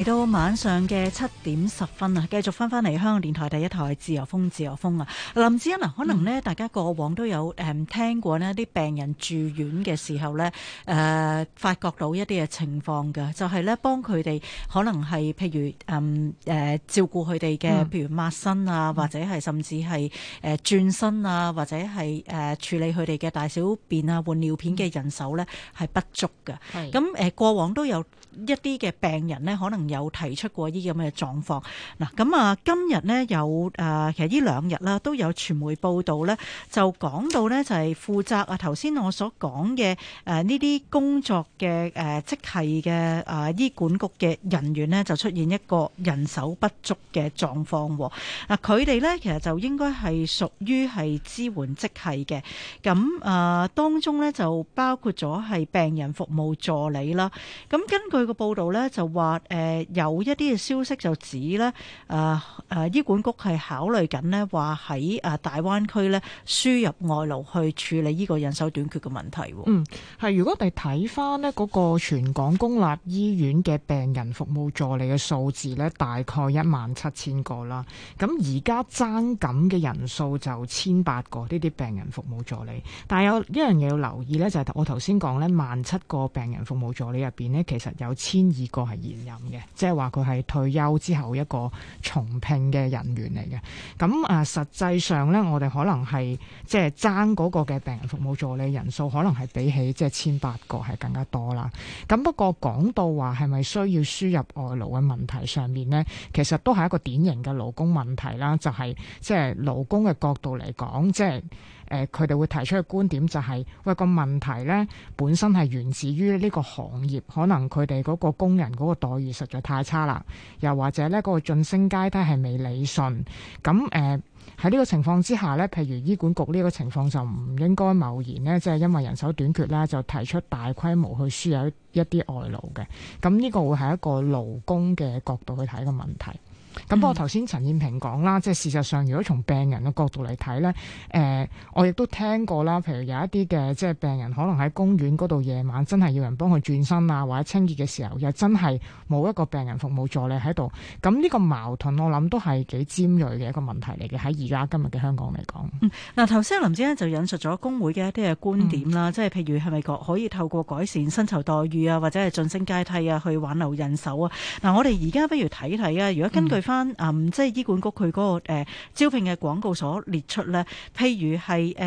嚟到晚上嘅七點十分啊，繼續翻翻嚟香港電台第一台《自由風》，自由風啊！林志恩啊，可能咧、嗯、大家過往都有誒聽過咧，啲病人住院嘅時候咧，誒、呃、發覺到一啲嘅情況嘅，就係、是、咧幫佢哋可能係譬如誒、嗯呃、照顧佢哋嘅，譬如抹身啊，嗯、或者係甚至係誒、呃、轉身啊，或者係誒、呃、處理佢哋嘅大小便啊，換尿片嘅人手咧係、嗯、不足嘅。係咁誒，過往都有一啲嘅病人咧，可能。有提出過呢啲咁嘅狀況。嗱，咁啊，今日咧有誒，其實呢兩日啦，都有傳媒報道咧，就講到咧就係負責啊頭先我所講嘅誒呢啲工作嘅誒職系嘅誒醫管局嘅人員咧，就出現一個人手不足嘅狀況。嗱，佢哋咧其實就應該係屬於係支援職系嘅，咁誒當中咧就包括咗係病人服務助理啦。咁根據個報道咧，就話誒。有一啲嘅消息就指呢，誒、啊、誒、啊、醫管局係考慮緊呢話喺誒大灣區呢輸入外勞去處理呢個人手短缺嘅問題。嗯，係如果我哋睇翻呢嗰個全港公立醫院嘅病人服務助理嘅數字呢，大概一萬七千個啦。咁而家爭緊嘅人數就千八個呢啲病人服務助理，但係有一樣嘢要留意呢，就係、是、我頭先講呢萬七個病人服務助理入邊呢，其實有千二個係現任嘅。即係話佢係退休之後一個重聘嘅人員嚟嘅，咁啊實際上呢，我哋可能係即係爭嗰個嘅病人服務助理人數，可能係比起即係千八個係更加多啦。咁不過講到話係咪需要輸入外勞嘅問題上面呢，其實都係一個典型嘅勞工問題啦，就係即係勞工嘅角度嚟講，即係。誒佢哋會提出嘅觀點就係、是，喂，個問題呢本身係源自於呢個行業，可能佢哋嗰個工人嗰個待遇實在太差啦，又或者呢嗰、那個晉升階梯係未理順。咁誒喺呢個情況之下呢，譬如醫管局呢個情況就唔應該貿然呢，即、就、係、是、因為人手短缺咧就提出大規模去輸入一啲外勞嘅。咁呢個會係一個勞工嘅角度去睇個問題。咁不過頭先陳燕平講啦，嗯、即係事實上，如果從病人嘅角度嚟睇呢，誒，我亦都聽過啦，譬如有一啲嘅即係病人可能喺公園嗰度夜晚真係要人幫佢轉身啊，或者清潔嘅時候，又真係冇一個病人服務助理喺度。咁呢個矛盾，我諗都係幾尖銳嘅一個問題嚟嘅，喺而家今日嘅香港嚟講。嗱頭先林姐就引述咗工會嘅一啲嘅觀點啦，嗯、即係譬如係咪可以透過改善薪酬待遇啊，或者係晉升階梯啊，去挽留人手啊？嗱、嗯，我哋而家不如睇睇啊，如果根據、嗯翻啊，即係醫管局佢嗰個誒招聘嘅廣告所列出咧，譬如係誒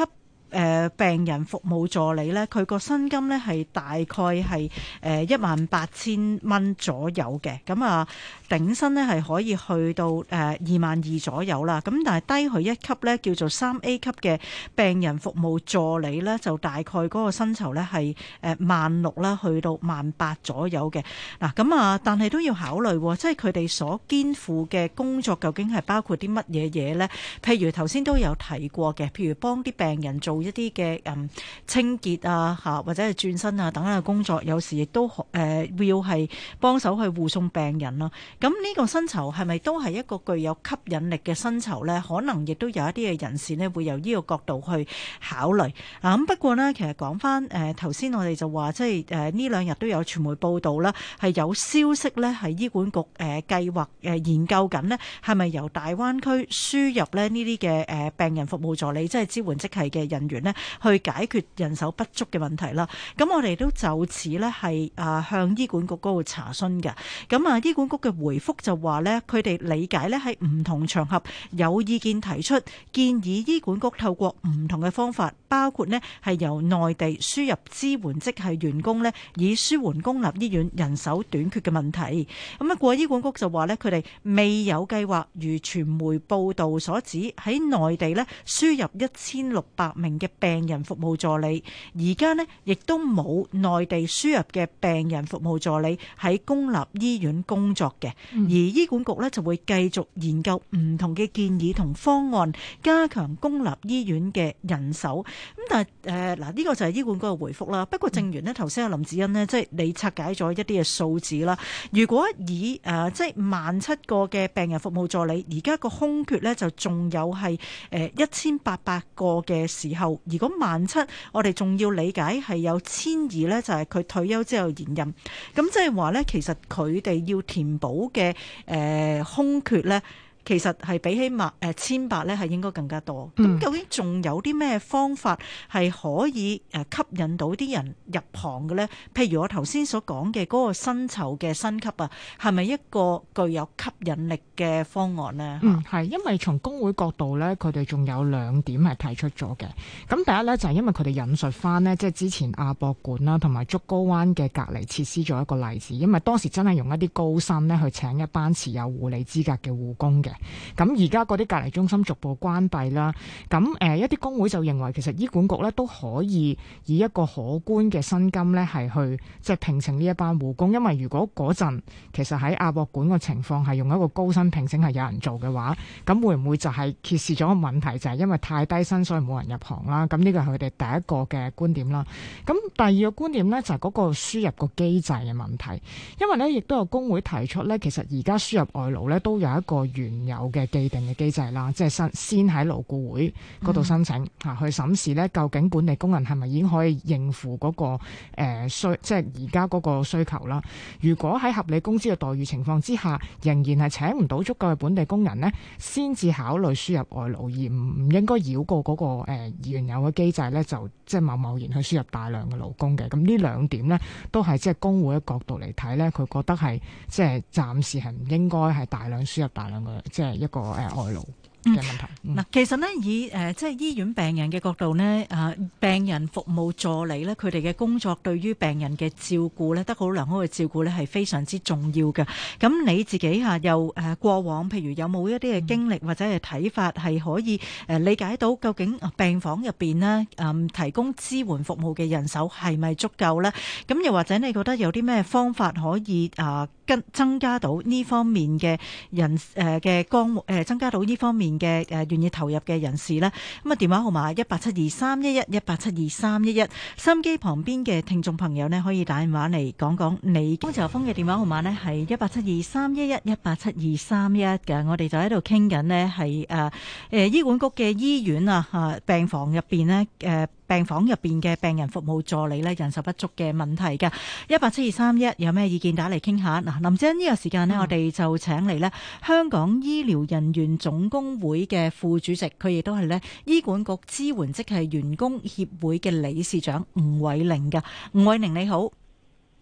二級。誒病人服務助理呢，佢個薪金呢係大概係誒一萬八千蚊左右嘅，咁啊頂薪呢係可以去到誒二萬二左右啦。咁但係低佢一級呢，叫做三 A 級嘅病人服務助理呢，就大概嗰個薪酬呢係誒萬六啦，去到萬八左右嘅。嗱，咁啊，但係都要考慮，即係佢哋所肩負嘅工作究竟係包括啲乜嘢嘢呢？譬如頭先都有提過嘅，譬如幫啲病人做。一啲嘅嗯清潔啊吓，或者係轉身啊等等嘅工作，有時亦都誒、呃、要係幫手去護送病人咯、啊，咁呢個薪酬係咪都係一個具有吸引力嘅薪酬咧？可能亦都有一啲嘅人士咧會由呢個角度去考慮啊。咁不過咧，其實講翻誒頭先我哋就話即係誒呢兩日都有傳媒報道啦，係有消息咧係醫管局誒計劃誒研究緊咧係咪由大灣區輸入咧呢啲嘅誒病人服務助理，即係支援職系嘅人員。咧去解決人手不足嘅問題啦。咁我哋都就此咧係啊向醫管局嗰度查詢嘅。咁啊，醫管局嘅回覆就話咧，佢哋理解咧喺唔同場合有意見提出建議。醫管局透過唔同嘅方法，包括咧係由內地輸入支援職系員工咧，以舒緩公立醫院人手短缺嘅問題。咁啊，過醫管局就話咧，佢哋未有計劃，如傳媒報道所指喺內地咧輸入一千六百名嘅病人服務助理，而家呢亦都冇內地輸入嘅病人服務助理喺公立醫院工作嘅，嗯、而醫管局呢就會繼續研究唔同嘅建議同方案，加強公立醫院嘅人手。咁但係誒嗱呢個就係醫管局嘅回覆啦。不過正源呢頭先阿林子欣呢，即係你拆解咗一啲嘅數字啦。如果以誒即係萬七個嘅病人服務助理，而家個空缺呢，就仲有係誒一千八百個嘅時候。如果萬七，我哋仲要理解係有千二呢，就係佢退休之後延任，咁即係話呢其實佢哋要填補嘅誒、呃、空缺呢。其實係比起萬誒千八咧，係應該更加多。咁究竟仲有啲咩方法係可以誒吸引到啲人入行嘅咧？譬如我頭先所講嘅嗰個薪酬嘅升級啊，係咪一個具有吸引力嘅方案呢？嗯，係因為從工會角度咧，佢哋仲有兩點係提出咗嘅。咁第一咧就係、係、因為佢哋引述翻呢，即係之前亞博館啦同埋竹篙灣嘅隔離設施做一個例子，因為當時真係用一啲高薪咧去請一班持有護理資格嘅護工嘅。咁而家嗰啲隔離中心逐步關閉啦，咁誒一啲工會就認為其實醫管局咧都可以以一個可觀嘅薪金呢係去即係聘請呢一班護工，因為如果嗰陣其實喺亞博館嘅情況係用一個高薪聘請係有人做嘅話，咁會唔會就係揭示咗個問題？就係因為太低薪所以冇人入行啦。咁呢個係佢哋第一個嘅觀點啦。咁第二個觀點呢，就係嗰個輸入個機制嘅問題，因為呢，亦都有工會提出呢其實而家輸入外勞呢，都有一個原有嘅既定嘅機制啦，即係先先喺勞僱會嗰度申請吓、嗯、去審視咧，究竟本地工人係咪已經可以應付嗰、嗰個誒需、呃，即係而家嗰個需求啦。如果喺合理工資嘅待遇情況之下，仍然係請唔到足夠嘅本地工人咧，先至考慮輸入外勞，而唔唔應該繞過嗰、嗰個誒、呃、原有嘅機制咧，就即係貿貿然去輸入大量嘅勞工嘅。咁呢兩點咧，都係即係工會嘅角度嚟睇咧，佢覺得係即係暫時係唔應該，係大量輸入大量嘅。即係一個誒外勞嘅問題。嗱、嗯，嗯、其實呢，以誒即係醫院病人嘅角度呢，啊病人服務助理呢，佢哋嘅工作對於病人嘅照顧呢，得好良好嘅照顧呢，係非常之重要嘅。咁你自己嚇又誒過往，譬如有冇一啲嘅經歷或者係睇法，係可以誒理解到究竟病房入邊呢，嗯提供支援服務嘅人手係咪足夠呢？咁又或者你覺得有啲咩方法可以啊？跟增加到呢方面嘅人誒嘅、呃呃、增加到呢方面嘅願、呃、意投入嘅人士呢。咁，啊電話號碼一八七二三一一一八七二三一一，心機旁邊嘅聽眾朋友呢，可以打電話嚟講講你。康潮峯嘅電話號碼呢，係一八七二三一一一八七二三一嘅，我哋就喺度傾緊呢，係誒誒醫管局嘅醫院啊、呃、病房入邊呢。呃病房入邊嘅病人服務助理咧，人手不足嘅問題㗎。一八七二三一，有咩意見打嚟傾下。嗱，林姐呢個時間咧，我哋就請嚟咧香港醫療人員總工會嘅副主席，佢亦都係咧醫管局支援職系員工協會嘅理事長吳偉玲噶。吳偉玲你好。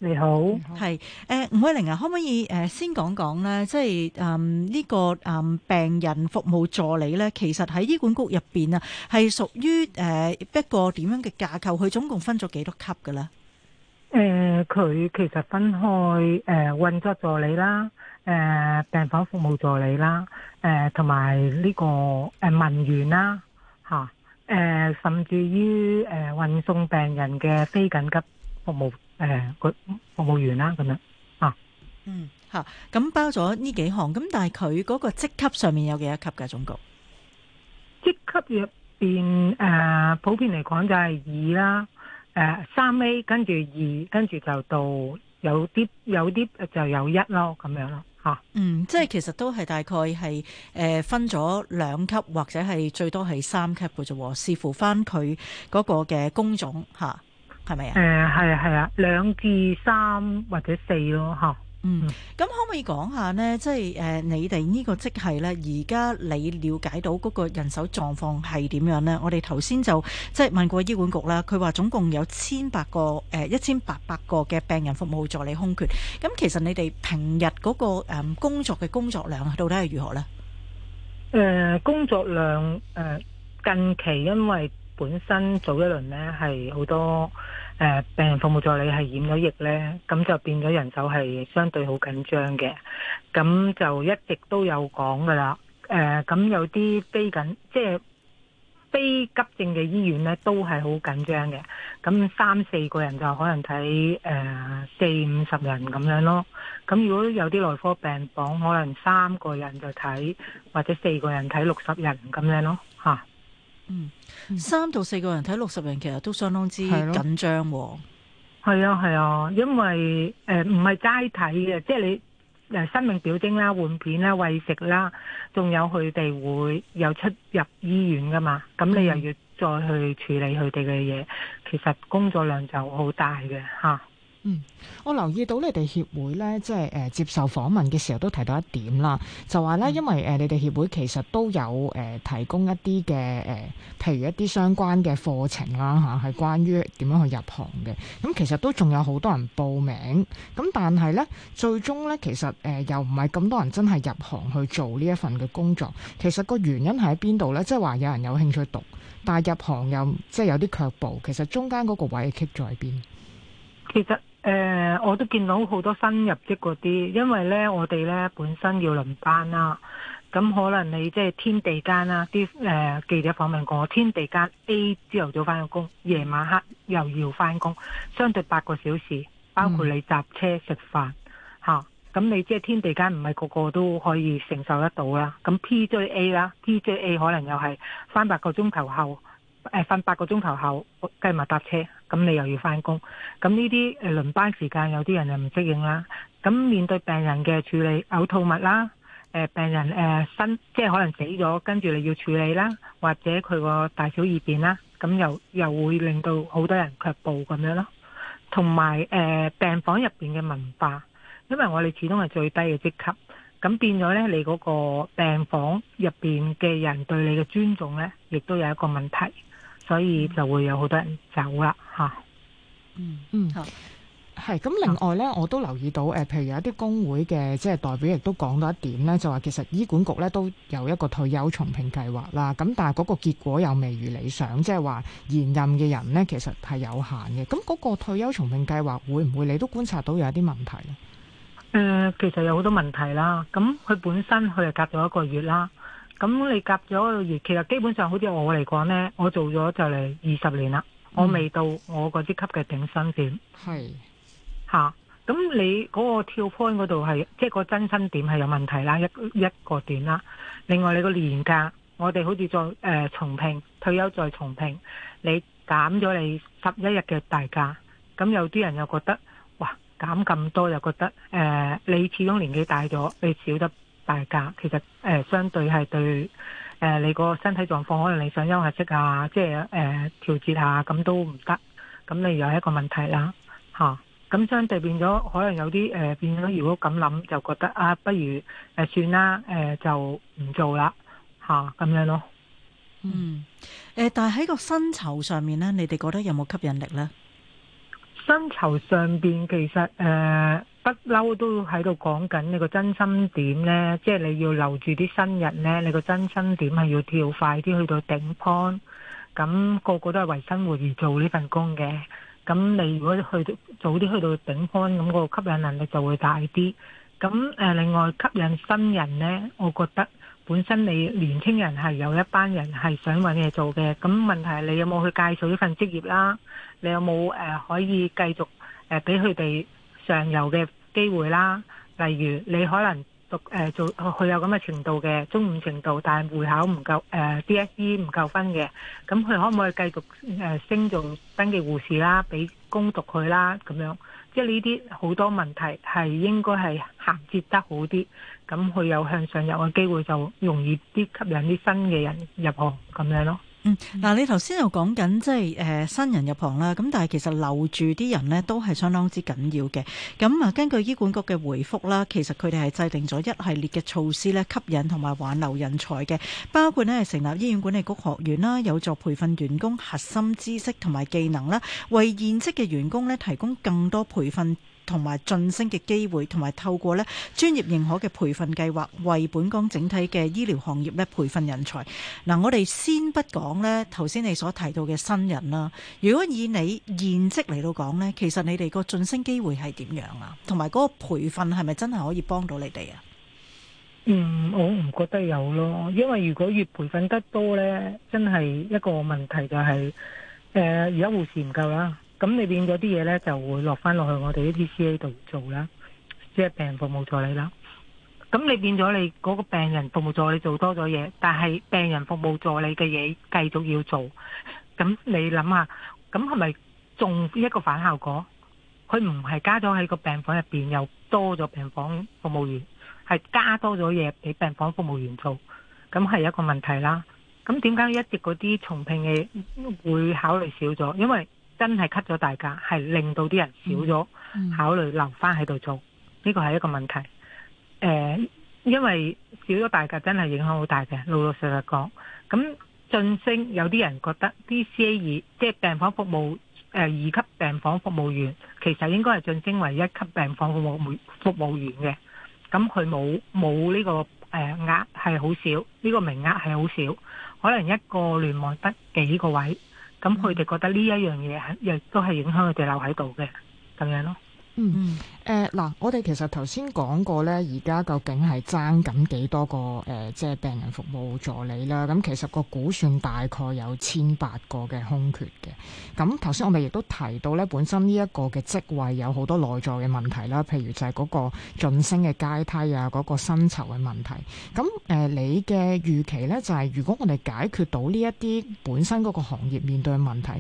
你好，係誒好，吳偉、呃、玲啊，可唔可以誒先講講咧？即係誒呢個誒、嗯、病人服務助理咧，其實喺醫管局入邊啊，係屬於誒一個點樣嘅架構？佢總共分咗幾多級噶咧？誒、呃，佢其實分開誒運作助理啦，誒、呃、病房服務助理啦，誒同埋呢個誒文、呃、員啦，吓、啊、誒、呃、甚至於誒運送病人嘅非緊急服務。誒，個服務員啦咁樣啊，嗯，吓、啊、咁包咗呢幾項，咁但係佢嗰個職級上面有幾多級嘅、啊？總共職級入邊誒，普遍嚟講就係二啦，誒三 A，跟住二，跟住就到有啲有啲就有一咯，咁樣咯，吓、啊，嗯，即係其實都係大概係誒分咗兩級或者係最多係三級嘅啫，視乎翻佢嗰個嘅工種吓。啊係咪、嗯、啊？誒，係啊，係啊，兩至三或者四咯，吓。嗯，咁、嗯、可唔可以講下呢？即係誒，你哋呢個即係職系咧，而家你了解到嗰個人手狀況係點樣呢？我哋頭先就即係、就是、問過醫管局啦，佢話總共有千八個誒，一千八百個嘅病人服務助理空缺。咁、嗯、其實你哋平日嗰、那個誒、呃、工作嘅工作量到底係如何呢？誒、呃，工作量誒、呃，近期因為。本身早一輪呢係好多誒、呃、病人服務助理係染咗疫呢，咁就變咗人手係相對好緊張嘅。咁就一直都有講噶啦，誒、呃、咁有啲非緊，即係非急症嘅醫院呢都係好緊張嘅。咁三四個人就可能睇誒四五十人咁樣咯。咁如果有啲內科病房，可能三個人就睇或者四個人睇六十人咁樣咯，嚇、啊、嗯。嗯、三到四個人睇六十人，其實都相當之緊張喎。係啊，係啊，因為誒唔係齋睇嘅，即係你誒、呃、生命表徵啦、換片啦、餵食啦，仲有佢哋會有出入醫院噶嘛。咁你又要再去處理佢哋嘅嘢，其實工作量就好大嘅吓。嗯，我留意到你哋協會咧，即係誒接受訪問嘅時候都提到一點啦，就話咧，嗯、因為誒、呃、你哋協會其實都有誒、呃、提供一啲嘅誒，譬如一啲相關嘅課程啦、啊、吓，係、啊、關於點樣去入行嘅。咁、啊、其實都仲有好多人報名，咁、啊、但係呢，最終呢，其實誒、呃、又唔係咁多人真係入行去做呢一份嘅工作。其實個原因喺邊度呢？即係話有人有興趣讀，嗯、但係入行又即係有啲卻步。其實中間嗰個位喺邊？其實。誒、呃，我都見到好多新入職嗰啲，因為咧我哋咧本身要輪班啦，咁可能你即係天地間啦，啲誒、呃、記者訪問過我，天地間 A 朝頭早翻咗工，夜晚黑又要翻工，相對八個小時，包括你搭車食飯吓，咁、嗯啊、你即係天地間唔係個個都可以承受得到啦。咁 PJA 啦、啊、，PJA 可能又係翻八個鐘頭後，誒瞓八個鐘頭後計埋搭車。咁你又要返工，咁呢啲輪班時間有啲人又唔適應啦。咁面對病人嘅處理，嘔吐物啦，病人誒身、呃、即係可能死咗，跟住你要處理啦，或者佢個大小二便啦，咁又又會令到好多人卻步咁樣咯。同埋誒病房入面嘅文化，因為我哋始終係最低嘅職級，咁變咗呢，你嗰個病房入面嘅人對你嘅尊重呢，亦都有一個問題。所以就會有好多人走啦嚇。嗯嗯，係。咁另外呢，啊、我都留意到，誒，譬如有一啲工會嘅即係代表，亦都講到一點呢，就話、是、其實醫管局呢，都有一個退休重聘計劃啦。咁但係嗰個結果又未如理想，即係話現任嘅人呢，其實係有限嘅。咁嗰個退休重聘計劃會唔會你都觀察到有一啲問題呢？誒、呃，其實有好多問題啦。咁佢本身佢係隔咗一個月啦。咁你夾咗個月，其實基本上好似我嚟講呢，我做咗就嚟二十年啦，嗯、我未到我嗰啲級嘅頂薪點。係咁是、啊、你嗰個跳 point 嗰度係，即、就、係、是、個增薪點係有問題啦，一一個點啦。另外你個年假，我哋好似再誒、呃、重聘退休再重聘，你減咗你十一日嘅大假，咁有啲人又覺得，哇減咁多又覺得誒、呃，你始終年紀大咗，你少得。大家其實誒、呃，相對係對誒、呃，你個身體狀況可能你想休息下啊，即係誒調節下咁都唔得，咁你又係一個問題啦，吓，咁相對變咗可能有啲誒、呃、變咗，如果咁諗就覺得啊，不如誒、呃、算啦，誒、呃、就唔做啦，吓咁樣咯。嗯，誒、呃、但係喺個薪酬上面咧，你哋覺得有冇吸引力咧？薪酬上邊其實誒。呃不嬲都喺度講緊你個增薪點呢，即係你要留住啲新人呢，你個增薪點係要跳快啲去到頂樖。咁個個都係為生活而做呢份工嘅。咁你如果去到早啲去到頂樖，咁個吸引能力就會大啲。咁誒，另外吸引新人呢，我覺得本身你年輕人係有一班人係想揾嘢做嘅。咁問題係你有冇去介紹呢份職業啦？你有冇誒可以繼續誒俾佢哋？上游嘅機會啦，例如你可能讀誒、呃、做佢有咁嘅程度嘅中五程度，但係會考唔夠誒、呃、DSE 唔夠分嘅，咁佢可唔可以繼續誒、呃、升做登記嘅護士啦，俾攻讀佢啦咁樣？即係呢啲好多問題係應該係銜接得好啲，咁佢有向上游嘅機會就容易啲吸引啲新嘅人入行咁樣咯。嗯，嗱、嗯，嗯、你頭先又講緊即係誒新人入行啦，咁但係其實留住啲人呢都係相當之緊要嘅。咁啊，根據醫管局嘅回覆啦，其實佢哋係制定咗一系列嘅措施呢，吸引同埋挽留人才嘅，包括呢係成立醫院管理局學院啦，有助培訓員工核心知識同埋技能啦，為現職嘅員工呢，提供更多培訓。同埋晉升嘅機會，同埋透過咧專業認可嘅培訓計劃，為本港整體嘅醫療行業咧培訓人才。嗱、啊，我哋先不講咧頭先你所提到嘅新人啦。如果以你現職嚟到講呢，其實你哋個晉升機會係點樣啊？同埋嗰個培訓係咪真係可以幫到你哋啊？嗯，我唔覺得有咯，因為如果越培訓得多呢，真係一個問題就係、是，誒而家護士唔夠啦。咁你變咗啲嘢咧，就會落翻落去我哋啲 TCA 度做啦，即係病人服務助理啦。咁你變咗你嗰個病人服務助理做多咗嘢，但係病人服務助理嘅嘢繼續要做。咁你諗下，咁係咪仲一個反效果？佢唔係加咗喺個病房入邊，又多咗病房服務員，係加多咗嘢俾病房服務員做，咁係一個問題啦。咁點解一直嗰啲重聘嘅會考慮少咗？因為真係 cut 咗大家，係令到啲人少咗考慮留翻喺度做，呢個係一個問題。誒、呃，因為少咗大家真係影響好大嘅，老老實實講。咁晉升有啲人覺得 DCA 二即係病房服務、呃、二級病房服務員，其實應該係晉升為一級病房服務員嘅。咁佢冇冇呢個誒、呃、額係好少，呢、呢個名額係好少，可能一個聯網得幾個位。咁佢哋覺得呢一樣嘢係亦都係影響佢哋留喺度嘅，咁樣咯。嗯。誒，嗱、呃，我哋其實頭先講過咧，而家究竟係爭緊幾多個誒，即、呃、係、就是、病人服務助理啦。咁其實個估算大概有千八個嘅空缺嘅。咁頭先我哋亦都提到咧，本身呢一個嘅職位有好多內在嘅問題啦，譬如就係嗰個晉升嘅階梯啊，嗰、嗰個薪酬嘅問題。咁誒、呃，你嘅預期咧就係、是，如果我哋解決到呢一啲本身嗰個行業面對嘅問題，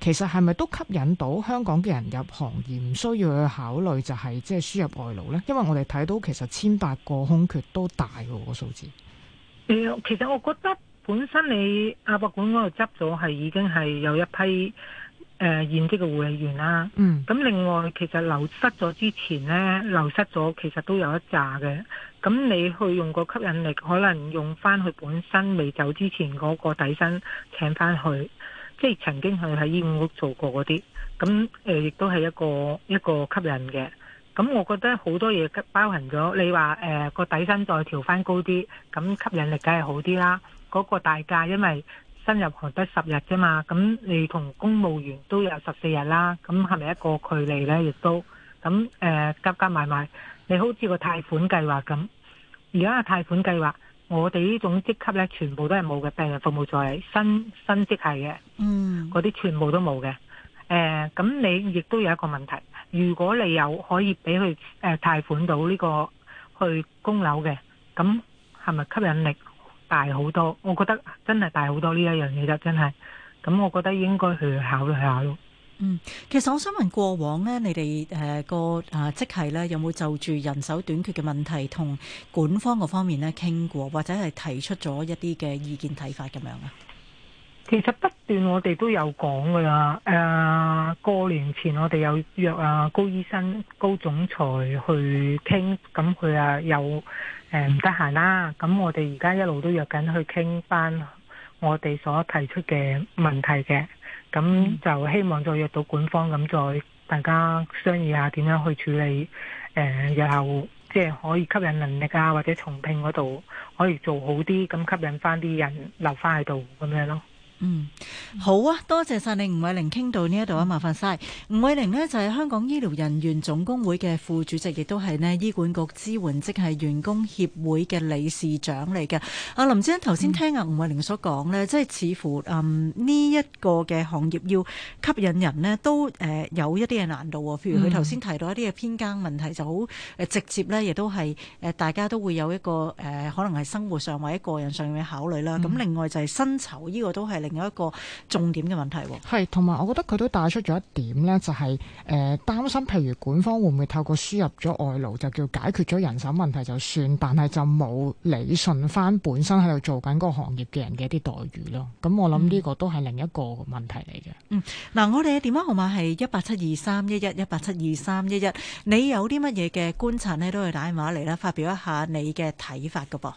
其實係咪都吸引到香港嘅人入行業，唔需要去考慮就係、是？即係輸入外勞呢？因為我哋睇到其實千八個空缺都大個數字。其實我覺得本身你阿伯館嗰度執咗係已經係有一批誒、呃、現職嘅護理員啦。嗯。咁另外，其實流失咗之前呢，流失咗其實都有一紮嘅。咁你去用個吸引力，可能用翻佢本身未走之前嗰個底薪請翻去，即係曾經去喺醫院屋做過嗰啲。咁誒，亦都係一個一個吸引嘅。咁我覺得好多嘢包含咗，你話個、呃、底薪再調翻高啲，咁吸引力梗係好啲啦。嗰、那個大假，因為新入行得十日啫嘛，咁你同公務員都有十四日啦，咁係咪一個距離呢？亦都咁誒、呃，加加埋埋，你好似個貸款計劃咁。而家嘅貸款計劃，我哋呢種職級呢，全部都係冇嘅，病人服務助理、新新職系嘅，嗯，嗰啲全部都冇嘅。誒、呃，咁你亦都有一個問題。如果你有可以俾佢誒貸款到呢個去供樓嘅，咁係咪吸引力大好多？我覺得真係大好多呢一樣嘢啦，真係。咁我覺得應該去考慮下咯。嗯，其實我想問過往呢，你哋誒個啊即係呢，有冇就住人手短缺嘅問題同管方嗰方面呢傾過，或者係提出咗一啲嘅意見睇法咁樣啊？其實不斷，我哋都有講噶啦。誒、呃，過年前我哋有約啊，高醫生、高總裁去傾，咁佢啊又誒唔得閒啦。咁、呃、我哋而家一路都約緊去傾翻我哋所提出嘅問題嘅。咁就希望再約到管方，咁再大家商議下點樣去處理。誒、呃，日後即係可以吸引能力啊，或者重聘嗰度可以做好啲，咁吸引翻啲人留翻喺度咁樣咯。嗯，好啊，多謝晒你，吳偉玲傾到呢一度啊，麻煩晒吳偉玲咧就係香港醫療人員總工會嘅副主席，亦都係咧醫管局支援職係員工協會嘅理事長嚟嘅。阿林先生頭先聽啊，吳偉玲所講咧，即係似乎嗯呢一、這個嘅行業要吸引人咧，都誒有一啲嘅難度，譬如佢頭先提到一啲嘅編更問題，嗯、就好誒直接咧，亦都係誒大家都會有一個誒可能係生活上或者個人上面嘅考慮啦。咁、嗯、另外就係薪酬呢、這個都係令。另一個重點嘅問題，哦，係同埋，我覺得佢都帶出咗一點呢，就係誒擔心，譬如管方會唔會透過輸入咗外勞，就叫解決咗人手問題就算，但係就冇理順翻本身喺度做緊個行業嘅人嘅一啲待遇咯。咁我諗呢個都係另一個問題嚟嘅，嗯。嗯、嗱、啊，我哋嘅電話號碼係一八七二三一一一八七二三一一，你有啲乜嘢嘅觀察呢？都可以打電話嚟啦，發表一下你嘅睇法噶噃。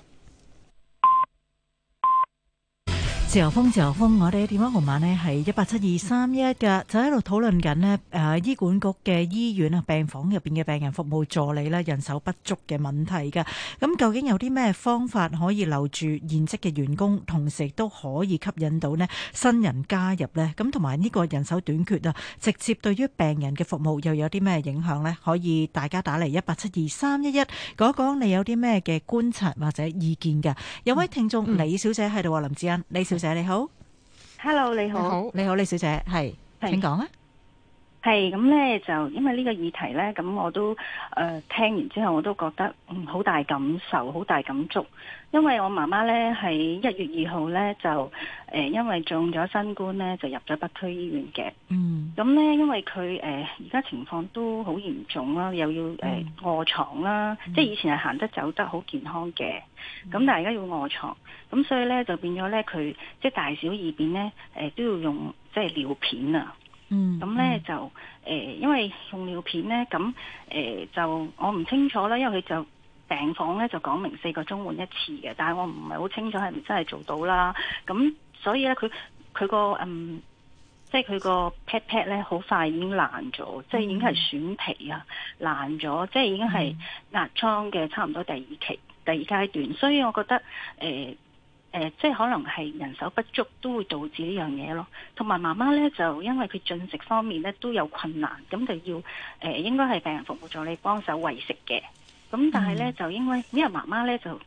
自由風，自由風，我哋嘅電話號碼呢係一八七二三一一㗎，就喺度討論緊呢，誒，醫管局嘅醫院啊，病房入邊嘅病人服務助理呢，人手不足嘅問題㗎。咁究竟有啲咩方法可以留住現職嘅員工，同時都可以吸引到呢新人加入呢？咁同埋呢個人手短缺啊，直接對於病人嘅服務又有啲咩影響呢？可以大家打嚟一八七二三一一，講一講你有啲咩嘅觀察或者意見㗎。有位聽眾李小姐喺度，嗯、林志恩，李小姐。誒，你好，Hello，你好，你好，李小姐，係，請講啊。係咁咧，就因為呢個議題咧，咁我都誒聽完之後，我都覺得嗯，好大感受，好大感觸。因為我媽媽咧，喺一月二號咧就誒、呃，因為中咗新冠咧，就入咗北區醫院嘅。嗯。咁咧，因為佢誒而家情況都好嚴重啦，又要誒卧牀啦，嗯、即係以前係行得走得好健康嘅，咁、嗯、但係而家要卧床，咁所以咧就變咗咧佢即係大小二便咧誒都要用即係尿片啊。嗯。咁咧、嗯、就誒、呃，因為用尿片咧，咁誒、呃、就我唔清楚啦，因為佢就。病房咧就講明四個鐘換一次嘅，但係我唔係好清楚係咪真係做到啦。咁所以咧，佢佢個嗯，即係佢個 pat pat 咧，好快已經爛咗，即係已經係損皮啊，嗯、爛咗，即係已經係壓瘡嘅，差唔多第二期、嗯、第二階段。所以我覺得，誒、呃呃、即係可能係人手不足都會導致呢樣嘢咯。同埋媽媽咧就因為佢進食方面咧都有困難，咁就要誒、呃、應該係病人服務助理，幫手餵食嘅。咁、嗯、但係咧就因為因為媽媽咧就誒、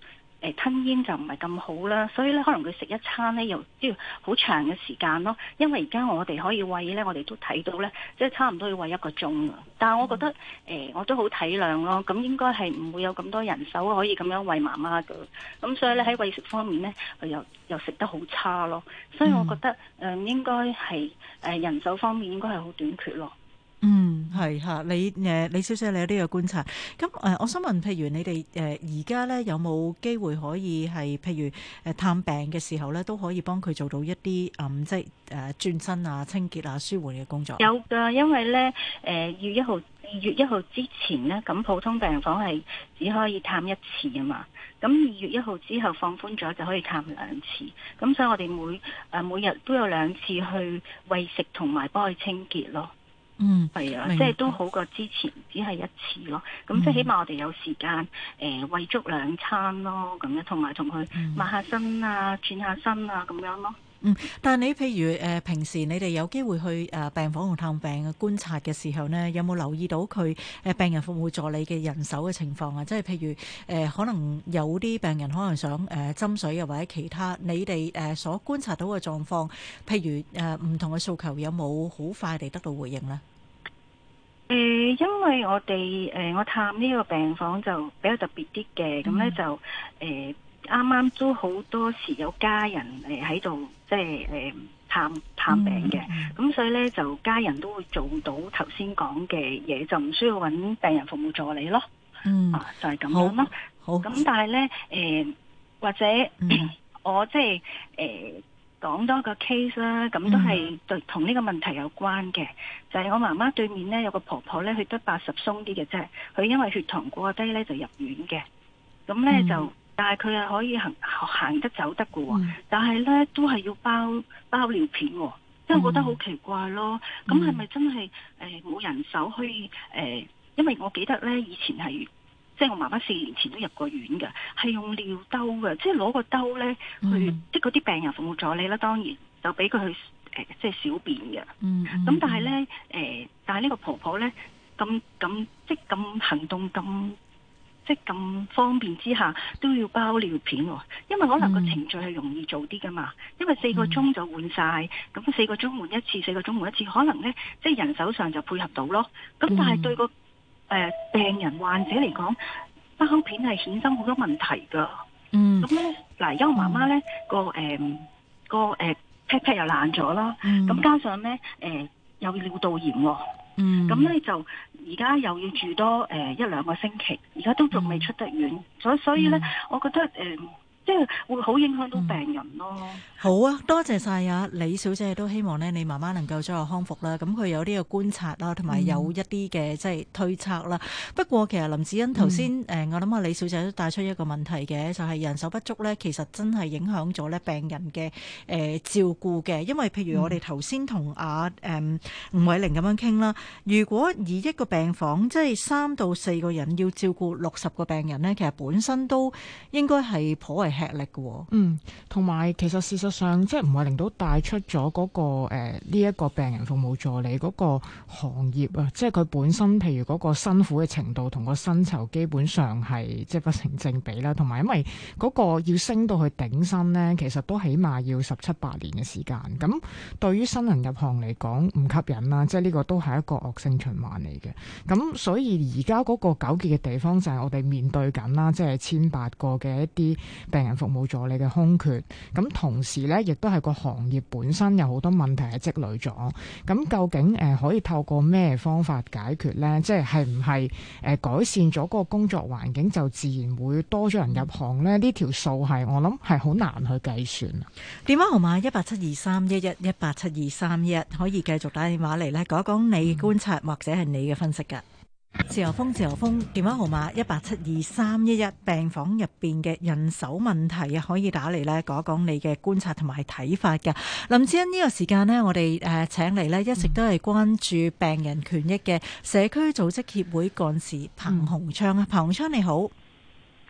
呃、吞嚥就唔係咁好啦，所以咧可能佢食一餐咧又都要好長嘅時間咯。因為而家我哋可以餵咧，我哋都睇到咧，即、就、係、是、差唔多要餵一個鐘。但係我覺得誒、嗯呃、我都好體諒咯。咁應該係唔會有咁多人手可以咁樣餵媽媽嘅。咁所以咧喺餵食方面咧、呃、又又食得好差咯。所以我覺得誒、嗯嗯、應該係誒、呃、人手方面應該係好短缺咯。嗯，係吓，你誒，李小姐你有呢個觀察，咁誒、呃，我想問，譬如你哋誒而家咧有冇機會可以係譬如誒探病嘅時候咧，都可以幫佢做到一啲誒、嗯、即係誒轉身啊、清潔啊、舒緩嘅工作？有噶，因為咧誒二月一號二月一號之前咧，咁普通病房係只可以探一次啊嘛。咁二月一號之後放寬咗，就可以探兩次。咁所以我哋每誒、呃，每日都有兩次去餵食同埋幫佢清潔咯。嗯，係啊，明白，即係都好過之前，只係一次咯。咁即係起碼我哋有時間誒喂足兩餐咯，咁樣同埋同佢抹下身啊、轉下身啊咁樣咯。嗯，但係你譬如誒、呃，平時你哋有機會去誒、呃、病房同探病觀察嘅時候呢，有冇留意到佢誒病人服務助理嘅人手嘅情況啊？即係譬如誒、呃，可能有啲病人可能想誒斟、呃、水又或者其他，你哋誒所觀察到嘅狀況，譬如誒唔、呃、同嘅訴求，有冇好快地得到回應呢？誒、呃，因為我哋誒、呃、我探呢個病房就比較特別啲嘅，咁咧、嗯、就誒。呃啱啱都好多時有家人喺度，即、就、係、是、探探病嘅，咁、嗯、所以咧就家人都會做到頭先講嘅嘢，就唔需要揾病人服務助理咯。嗯，啊、就係、是、咁樣囉。好，咁但係咧、呃、或者、嗯、 我即、就、係、是呃、講多個 case 啦，咁都係同呢個問題有關嘅，嗯、就係我媽媽對面咧有個婆婆咧，佢得八十鬆啲嘅啫，佢因為血糖過低咧就入院嘅，咁咧、嗯、就。但係佢係可以行行得走得噶、哦，嗯、但係咧都係要包包尿片，哦，即係我覺得好奇怪咯。咁係咪真係誒冇人手去？誒、呃？因為我記得咧以前係即係我媽媽四年前都入過院嘅，係用尿兜嘅，即係攞個兜咧，嗯、去即係嗰啲病人服務助理啦，當然就俾佢去誒、呃、即係小便嘅。嗯，咁但係咧誒，但係呢個婆婆咧咁咁即係咁行動咁。即咁方便之下都要包尿片喎，因為可能個程序係容易做啲噶嘛，嗯、因為四個鐘就換晒，咁、嗯、四個鐘換一次，四個鐘換一次，可能呢，即係人手上就配合到咯。咁但係對個誒、嗯呃、病人患者嚟講，包尿片係衍生好多問題噶。咁、嗯、呢，嗱，因為我媽媽呢、嗯、個誒、呃、個誒 pat pat 又爛咗啦，咁、嗯、加上呢誒、呃、有尿道炎喎。嗯，咁咧就而家又要住多誒、呃、一兩個星期，而家都仲未出得院。所、嗯、所以咧，嗯、我覺得誒。呃即係會好影響到病人咯，嗯。好啊，多謝晒啊，李小姐都希望咧，你媽媽能夠早日康復啦。咁佢有啲嘅觀察啦，同埋有，有一啲嘅即係推測啦。嗯、不過其實林子欣頭先誒，嗯、我諗啊，李小姐都帶出一個問題嘅，就係、是、人手不足呢。其實真係影響咗呢病人嘅誒照顧嘅。因為譬如我哋頭先同阿誒吳偉玲咁樣傾啦，如果以一個病房即係三到四個人要照顧六十個病人呢，其實本身都應該係頗為吃力嘅喎，嗯，同埋其實事實上即係唔係令到帶出咗嗰個誒呢一個病人服務助理嗰個行業啊，即係佢本身譬如嗰個辛苦嘅程度同個薪酬基本上係即係不成正比啦，同埋因為嗰個要升到去頂薪咧，其實都起碼要十七八年嘅時間，咁對於新人入行嚟講唔吸引啦，即係呢個都係一個惡性循環嚟嘅，咁所以而家嗰個糾結嘅地方就係我哋面對緊啦，即係千八個嘅一啲病人服務助理嘅空缺，咁同時咧，亦都係個行業本身有好多問題係積累咗。咁究竟誒、呃、可以透過咩方法解決咧？即係係唔係誒改善咗嗰個工作環境就自然會多咗人入行咧？呢條數係我諗係好難去計算啊！電話號碼一八七二三一一一八七二三一，可以繼續打電話嚟咧，講講你觀察、嗯、或者係你嘅分析㗎。自由風，自由風，電話號碼一八七二三一一。2, 3, 1, 1，病房入邊嘅人手問題啊，可以打嚟咧，講講你嘅觀察同埋睇法㗎。林志恩呢、這個時間呢我哋誒請嚟咧，一直都係關注病人權益嘅社區組織協會幹事彭鴻昌啊，彭鴻昌你好。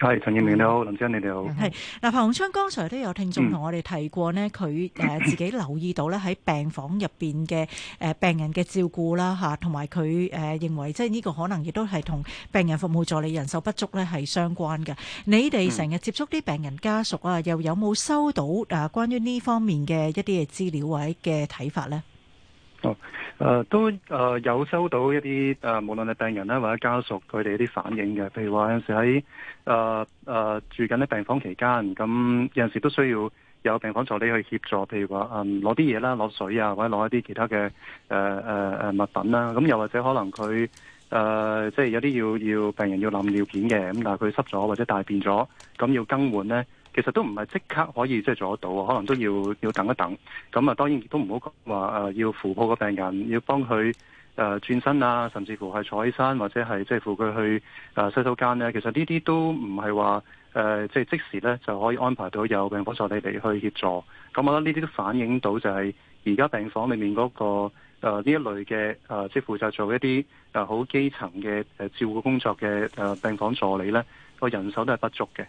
係陳燕明，你好，林生你哋好。係嗱，彭鴻昌剛才都有聽眾同我哋提過咧，佢誒自己留意到咧喺病房入邊嘅誒病人嘅照顧啦吓，同埋佢誒認為即係呢個可能亦都係同病人服務助理人手不足咧，係相關嘅。你哋成日接觸啲病人家屬啊，又有冇收到啊關於呢方面嘅一啲嘅資料或者嘅睇法咧？哦，誒、呃，都誒、呃、有收到一啲誒、呃，無論係病人啦，或者家屬佢哋一啲反應嘅，譬如話有陣時喺誒誒住緊喺病房期間，咁有陣時都需要有病房助理去協助，譬如話嗯攞啲嘢啦，攞水啊，或者攞一啲其他嘅誒誒誒物品啦，咁又或者可能佢誒、呃、即係有啲要要病人要淋尿片嘅，咁但係佢濕咗或者大便咗，咁要更換咧。其實都唔係即刻可以即係做得到，可能都要要等一等。咁啊，當然亦都唔好話誒，要扶抱個病人，要幫佢誒轉身啊，甚至乎係坐起身或者係即係扶佢去誒洗手間咧。其實呢啲都唔係話誒，即係即時咧就可以安排到有病房助理嚟去協助。咁我覺得呢啲都反映到就係而家病房裏面嗰個誒呢一類嘅誒即係負責做一啲誒好基層嘅誒照顧工作嘅誒病房助理咧，個人手都係不足嘅。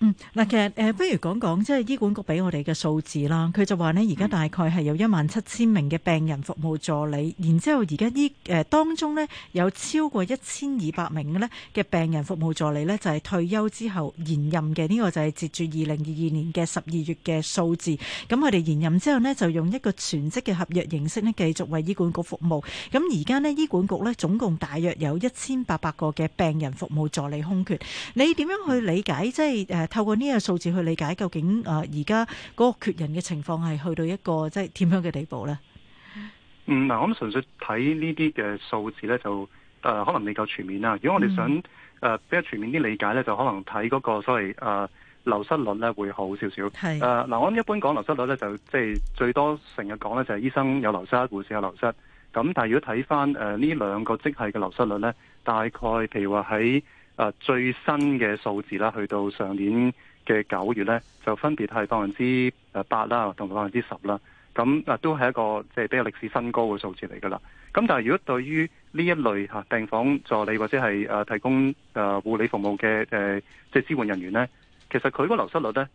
嗯，嗱，其實誒、呃，不如講講即係醫管局俾我哋嘅數字啦。佢就話咧，而家大概係有一萬七千名嘅病人服務助理。然之後而家醫，而家啲誒當中咧有超過一千二百名嘅嘅病人服務助理呢就係、係、退休之後延任嘅。呢、呢個就係截住二零二二年嘅十二月嘅數字。咁我哋延任之後呢，就用一個全職嘅合約形式呢繼續為醫管局服務。咁而家呢，醫管局呢，總共大約有一千八百個嘅病人服務助理空缺。你點樣去理解即係誒？呃透過呢個數字去理解，究竟啊而家嗰個缺人嘅情況係去到一個即係點樣嘅地步咧？嗯，嗱，我諗純粹睇呢啲嘅數字咧，就誒、呃、可能未夠全面啦。如果我哋想誒、呃、比較全面啲理解咧，嗯、就可能睇嗰、那個所謂誒、呃、流失率咧，會好少少。係誒嗱，我諗一般講流失率咧，就即係、就是、最多成日講咧，就係醫生有流失，護士有流失。咁但係如果睇翻誒呢兩個職系嘅流失率咧，大概譬如話喺。誒最新嘅數字啦，去到上年嘅九月呢，就分別係百分之八啦，同百分之十啦。咁啊，都係一個即係比較歷史新高嘅數字嚟噶啦。咁但係如果對於呢一類嚇病房助理或者係誒提供誒護理服務嘅即係支援人員呢，其實佢嗰個流失率呢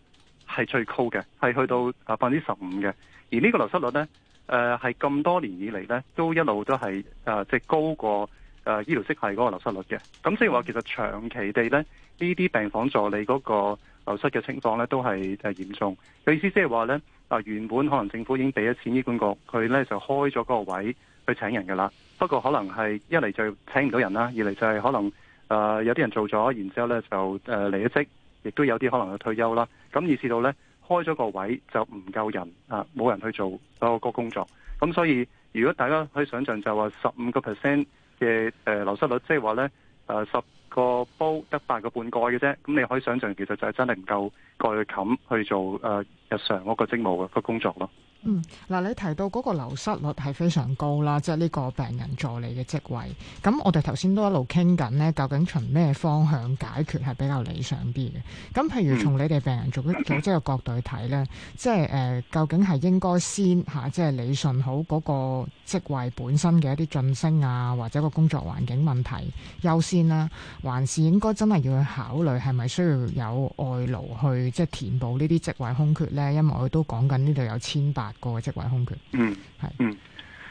係最高嘅，係去到啊百分之十五嘅。而呢個流失率呢，誒係咁多年以嚟呢，都一路都係誒即係高過。誒醫療息系嗰個流失率嘅，咁即係話其實長期地呢呢啲病房助理嗰個流失嘅情況呢都係誒嚴重。有意思即係話呢啊原本可能政府已經俾咗錢醫管局，佢呢就開咗個位去請人噶啦。不過可能係一嚟就請唔到人啦，二嚟就係可能誒、呃、有啲人做咗，然之後呢就誒離咗職，亦都有啲可能就退休啦。咁意思到呢，開咗個位就唔夠人啊，冇人去做嗰個工作。咁所以如果大家可以想象就話十五個 percent。嘅誒流失率，即係話咧，誒十個煲得八個半蓋嘅啫，咁你可以想象，其實就係真係唔夠蓋去冚去做誒、呃、日常嗰個職務嘅個工作咯。嗯，嗱、啊，你提到嗰個流失率係非常高啦，即係呢個病人助理嘅職位。咁我哋頭先都一路傾緊咧，究竟從咩方向解決係比較理想啲嘅？咁譬如從你哋病人組組織嘅角度去睇咧，即係誒究竟係應該先吓即係理順好嗰個職位本身嘅一啲晉升啊，或者個工作環境問題優先啦、啊，還是應該真係要去考慮係咪需要有外勞去即係、就是、填補呢啲職位空缺咧？因為我哋都講緊呢度有千百。個職位空缺，嗯，係，嗯，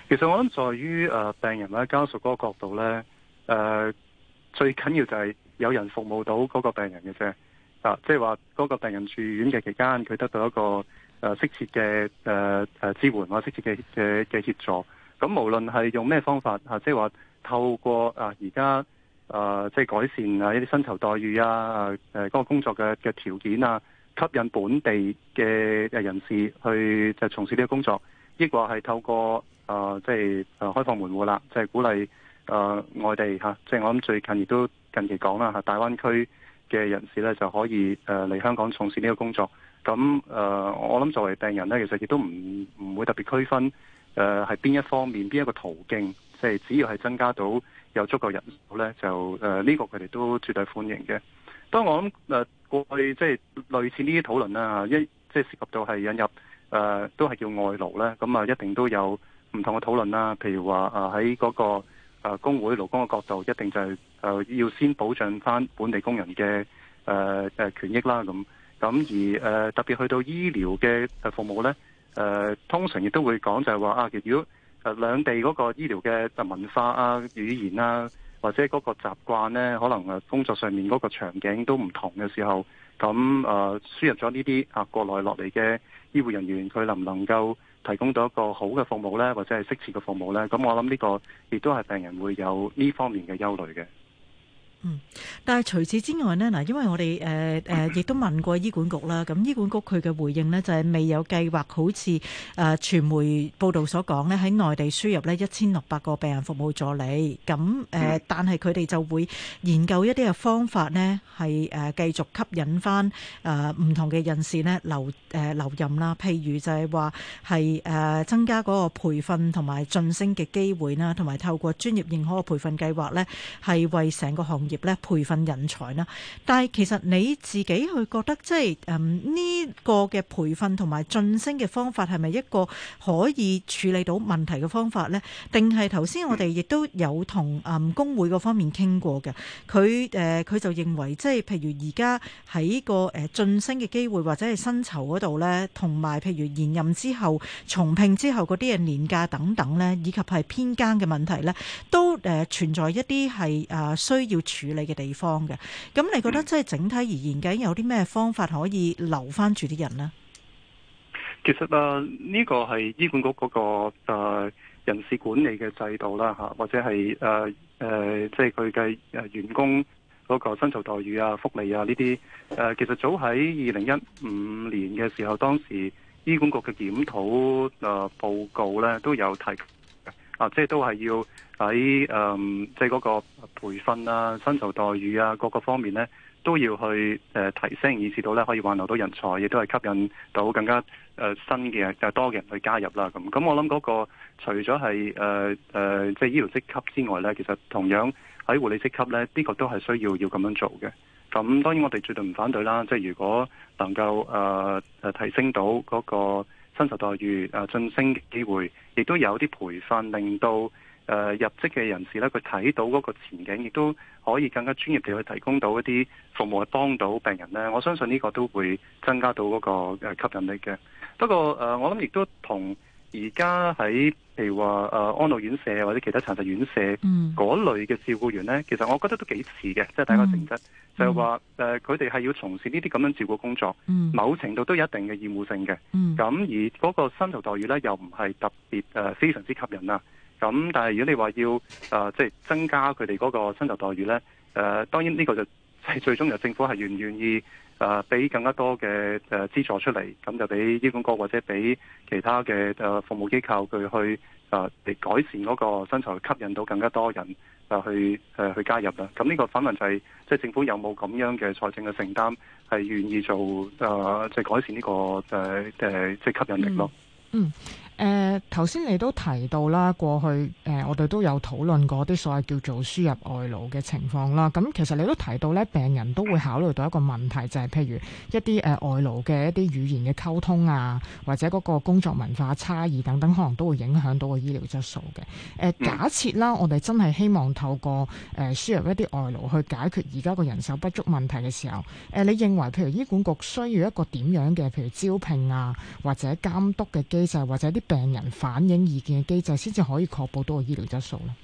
其實我諗在於誒、呃、病人或者家屬嗰個角度咧，誒、呃、最緊要就係有人服務到嗰個病人嘅啫，啊，即係話嗰個病人住院嘅期間，佢得到一個誒適切嘅誒誒支援或者適切嘅嘅嘅協助，咁無論係用咩方法吓、啊就是呃呃，即係話透過啊而家誒即係改善啊一啲薪酬待遇啊誒嗰個工作嘅嘅條件啊。.吸引本地嘅人士去就從事呢個工作，亦話係透過啊，即係啊開放門戶啦，即、就、係、是、鼓勵啊、呃、外地嚇，即、啊就是、我諗最近亦都近期講啦嚇，大灣區嘅人士咧就可以誒嚟、呃、香港從事呢個工作。咁誒、呃，我諗作為病人咧，其實亦都唔唔會特別區分誒係邊一方面、邊一個途徑，即、就、係、是、只要係增加到有足夠人數咧，就誒呢、呃這個佢哋都絕對歡迎嘅。當我諗。誒、呃。我哋即係類似呢啲討論啦，一即係涉及到係引入，誒、呃、都係叫外勞咧，咁啊一定都有唔同嘅討論啦。譬如話誒喺嗰個誒工會勞工嘅角度，一定就係誒要先保障返本地工人嘅誒誒權益啦。咁咁而誒特別去到醫療嘅誒服務咧，誒通常亦都會講就係話啊，如果誒兩地嗰個醫療嘅文化啊、語言啊。或者嗰個習慣呢，可能誒工作上面嗰個場景都唔同嘅時候，咁誒輸入咗呢啲啊國內落嚟嘅醫護人員，佢能唔能夠提供到一個好嘅服務呢？或者係適切嘅服務呢？咁我諗呢個亦都係病人會有呢方面嘅憂慮嘅。嗯，但係除此之外咧，嗱，因為我哋誒誒，亦、呃呃、都問過醫管局啦，咁醫管局佢嘅回應咧就係、是、未有計劃，好似誒傳媒報道所講咧，喺內地輸入咧一千六百個病人服務助理，咁誒，呃嗯、但係佢哋就會研究一啲嘅方法咧，係誒繼續吸引翻誒唔同嘅人士咧留誒、呃、留任啦，譬如就係話係誒增加嗰個培訓同埋晉升嘅機會啦，同埋透過專業認可嘅培訓計劃咧，係為成個行業。業咧培訓人才啦，但係其實你自己去覺得，即係誒呢個嘅培訓同埋晉升嘅方法係咪一個可以處理到問題嘅方法咧？定係頭先我哋亦都有同誒工會個方面傾過嘅，佢誒佢就認為即係譬如而家喺個誒晉升嘅機會或者係薪酬嗰度咧，同埋譬如延任之後重聘之後嗰啲嘅年假等等咧，以及係編更嘅問題咧，都誒、呃、存在一啲係誒需要。處理嘅地方嘅，咁你覺得即係整體而言，究竟有啲咩方法可以留翻住啲人呢？其實誒，呢個係醫管局嗰個誒人事管理嘅制度啦吓，或者係誒誒，即係佢嘅誒員工嗰個薪酬待遇啊、福利啊呢啲誒，其實早喺二零一五年嘅時候，當時醫管局嘅檢討誒報告咧都有提。啊，即係都係要喺誒、嗯，即係嗰個培訓啊、薪酬待遇啊，各個方面咧，都要去、呃、提升，以至到咧可以挽留到人才，亦都係吸引到更加、呃、新嘅人、更多嘅人去加入啦。咁，咁我諗嗰個除咗係、呃呃、即係醫療職級之外咧，其實同樣喺護理職級咧，呢個都係需要要咁樣做嘅。咁當然我哋絕對唔反對啦，即係如果能夠、呃、提升到嗰個薪酬待遇啊，晉升機會，亦都有啲培訓，令到誒入職嘅人士咧，佢睇到嗰個前景，亦都可以更加專業地去提供到一啲服務，去幫到病人咧。我相信呢個都會增加到嗰個吸引力嘅。不過誒，我諗亦都同。而家喺譬如話誒安老院舍或者其他殘疾院舍嗰、嗯、類嘅照顧員咧，其實我覺得都幾似嘅，即、就、係、是、大家成質、嗯、就係話誒佢哋係要從事呢啲咁樣照顧工作，嗯、某程度都有一定嘅義務性嘅。咁、嗯、而嗰個薪酬待遇咧又唔係特別、呃、非常之吸引啦。咁但係如果你話要誒即係增加佢哋嗰個薪酬待遇咧，誒、呃、當然呢個就，係最終由政府係願唔願意誒俾更加多嘅誒資助出嚟，咁就俾醫管局或者俾其他嘅誒服務機構佢去誒嚟改善嗰個薪酬，吸引到更加多人誒去誒去加入啦。咁呢個反問就係，即係政府有冇咁樣嘅財政嘅承擔，係願意做誒即係改善呢個誒誒即係吸引力咯？嗯，嗯。誒頭先你都提到啦，過去誒、呃、我哋都有討論過啲所謂叫做輸入外勞嘅情況啦。咁其實你都提到咧，病人都會考慮到一個問題，就係、是、譬如一啲誒、呃、外勞嘅一啲語言嘅溝通啊，或者嗰個工作文化差異等等，可能都會影響到個醫療質素嘅。誒、呃嗯、假設啦，我哋真係希望透過誒、呃、輸入一啲外勞去解決而家個人手不足問題嘅時候，誒、呃、你認為譬如，譬如醫管局需要一個點樣嘅譬如招聘啊或者監督嘅機制或者啲？病人反映意見嘅機制，先至可以確保到個醫療質素啦。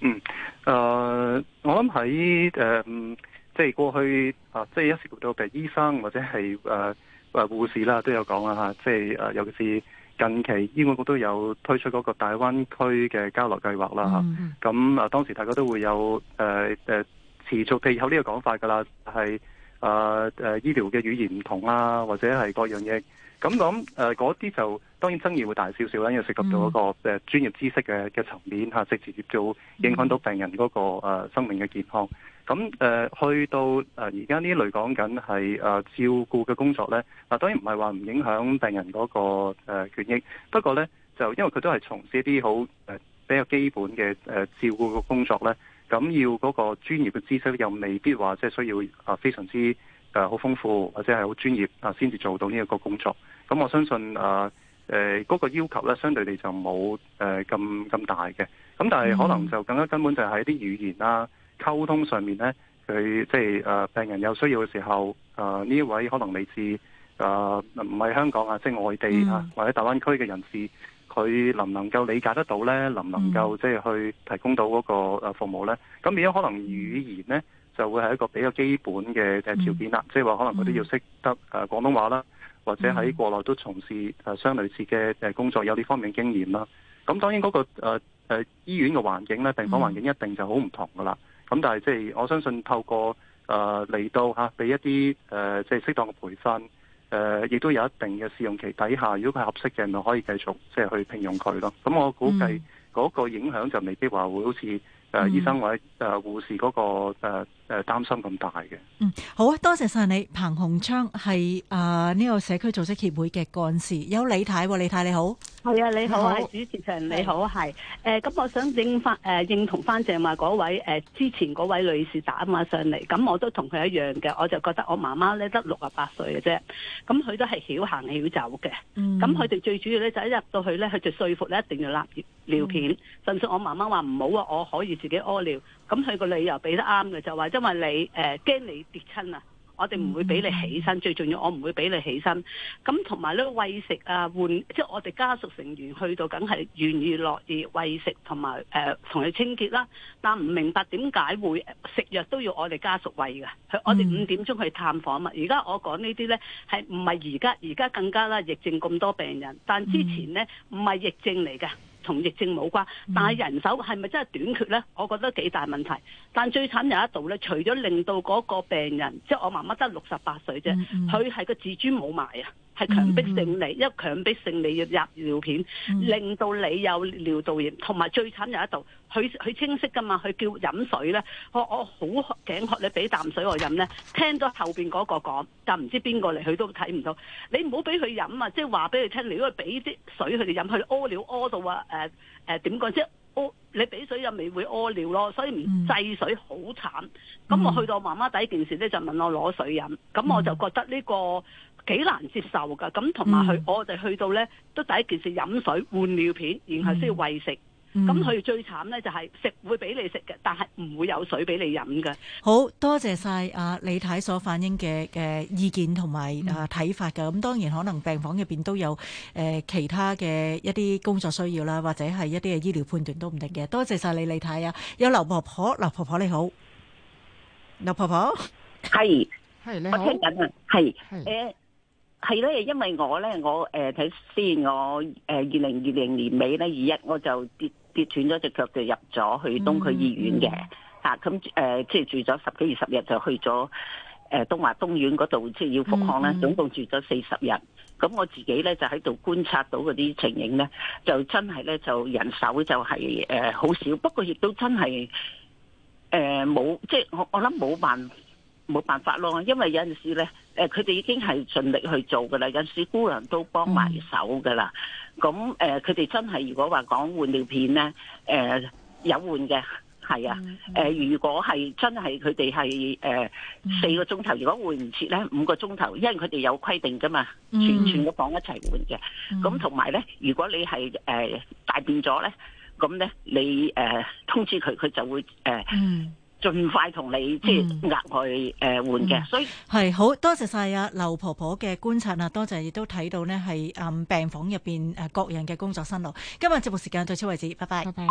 嗯，誒、呃，我諗喺誒，即係過去啊，即係一時到嘅醫生或者係誒誒護士啦，都有講啦嚇。即係誒、呃，尤其是近期醫管局都有推出嗰個大灣區嘅交流計劃啦。咁啊、嗯、啊，啊，當時大家都會有誒誒、呃呃、持續地有呢個講法噶啦，係誒誒醫療嘅語言唔同啊，或者係各樣嘢。咁咁誒嗰啲就當然爭議會大少少啦，因為涉及到一個誒專業知識嘅嘅、嗯、層面即直、啊、直接做影響到病人嗰、嗰個、啊、生命嘅健康。咁誒、啊、去到誒而家呢類講緊係誒照顧嘅工作咧，嗱、啊、當然唔係話唔影響病人嗰、嗰個誒、啊、權益，不過咧就因為佢都係從事一啲好、啊、比較基本嘅、啊、照顧嘅工作咧，咁、啊、要嗰個專業嘅知識又未必話即係需要啊非常之。誒，好豐富或者係好專業啊，先至做到呢一個工作。咁我相信啊，誒、呃，嗰個要求咧相對地就冇誒咁咁大嘅。咁但係可能就更加根本就係啲語言啦、啊、溝通上面咧，佢即係誒病人有需要嘅時候，誒、啊、呢位可能嚟自誒唔係香港啊，即係外地啊、嗯、或者大灣區嘅人士，佢能唔能夠理解得到咧，能唔能夠即係去提供到嗰個誒服務咧？咁而家可能語言咧，就會係一個比較基本嘅誒條件啦、嗯，即係話可能佢都要識得誒廣東話啦，或者喺國內都從事誒相類似嘅誒工作，有呢方面嘅經驗啦。咁當然嗰個誒誒醫院嘅環境咧，病房環境一定就好唔同噶啦。咁但係即係我相信透過誒嚟到嚇，俾一啲誒即係適當嘅培訓，誒亦都有一定嘅試用期底下，如果佢係合適嘅，咪可以繼續即係去聘用佢咯。咁我估計嗰個影響就未必話會好似誒醫生或者誒護士嗰個誒。誒擔心咁大嘅。嗯，好啊，多謝晒你。彭鴻昌係啊呢個社區組織協會嘅幹事。有李太，李太你好。係啊，你好，係好主持人是你好，係。誒、呃、咁，我想認翻誒認同翻正話嗰位誒之前嗰位女士打馬上嚟。咁我都同佢一樣嘅，我就覺得我媽媽咧得六十八歲嘅啫。咁佢都係曉行曉走嘅。咁佢哋最主要咧就一入到去咧，佢就説服咧一定要立尿片。嗯、甚至我媽媽話唔好啊，我可以自己屙尿。咁佢個理由俾得啱嘅，就話因為你誒驚、呃、你跌親啊，我哋唔會俾你起身，嗯、最重要我唔會俾你起身。咁同埋咧喂食啊，換，即係我哋家屬成員去到梗係願意樂意喂食同埋誒同佢清潔啦。但唔明白點解會食藥都要我哋家屬喂嘅？嗯、去我哋五點鐘去探訪嘛。而家我講呢啲咧係唔係而家？而家更加啦，疫症咁多病人，但之前咧唔係疫症嚟噶。同疫症冇關，但係人手係咪真係短缺咧？我覺得幾大問題。但最慘有一度咧，除咗令到嗰個病人，即係我媽媽得六十八歲啫，佢係、嗯嗯、個自尊冇埋啊，係強迫性你，嗯嗯因為強迫性你要入尿片，令到你有尿道炎，同埋最慘有一度。佢佢清晰噶嘛？佢叫飲水咧，我我好頸渴，你俾啖水我飲咧。聽到後面嗰個講，但唔知邊個嚟，佢都睇唔到。你唔好俾佢飲啊！即係話俾佢聽，如果俾啲水佢哋飲，佢屙尿屙到啊誒誒點講？即係屙你俾水又未會屙尿咯，所以唔制水好慘。咁我去到我媽媽第一件事咧就問我攞水飲，咁我就覺得呢個幾難接受噶。咁同埋佢，我哋去到咧都第一件事飲水換尿片，然後先要餵食。嗯嗯咁佢最慘咧，就係食會俾你食嘅，但係唔會有水俾你飲嘅。好多謝晒阿李太所反映嘅嘅意見同埋啊睇法噶。咁當然可能病房入邊都有誒其他嘅一啲工作需要啦，或者係一啲嘅醫療判斷都唔定嘅。多謝晒你李太啊，有劉婆婆，劉婆婆你好，劉婆婆係係你好，我聽緊啊，係係誒係咧，因為我咧我誒睇先，我誒二零二零年尾咧二一我就跌。跌斷咗隻腳，就入咗去東區醫院嘅，嚇咁誒，即係、啊呃、住咗十幾二十日就去咗誒、呃、東華東院嗰度，即、就、係、是、要復康啦。總共住咗四十日，咁我自己咧就喺度觀察到嗰啲情形咧，就真係咧就人手就係誒好少，不過亦都真係誒冇，即係我我諗冇辦。冇辦法咯，因為有陣時咧，誒佢哋已經係盡力去做嘅啦，有陣時姑娘都幫埋手嘅啦。咁誒、嗯，佢哋真係如果話講換尿片咧，誒、呃、有換嘅，係啊。誒、嗯呃、如果係真係佢哋係誒四個鐘頭，如果換唔切咧，五個鐘頭，因為佢哋有規定嘅嘛，全全個房一齊換嘅。咁同埋咧，如果你係誒、呃、大便咗咧，咁咧你誒、呃、通知佢，佢就會誒。呃嗯盡快同你即係額外誒換嘅，所以係好多謝晒阿劉婆婆嘅觀察呀，多謝亦都睇到呢係誒病房入邊誒各人嘅工作辛勞。今日節目時間到此為止，拜拜。拜拜。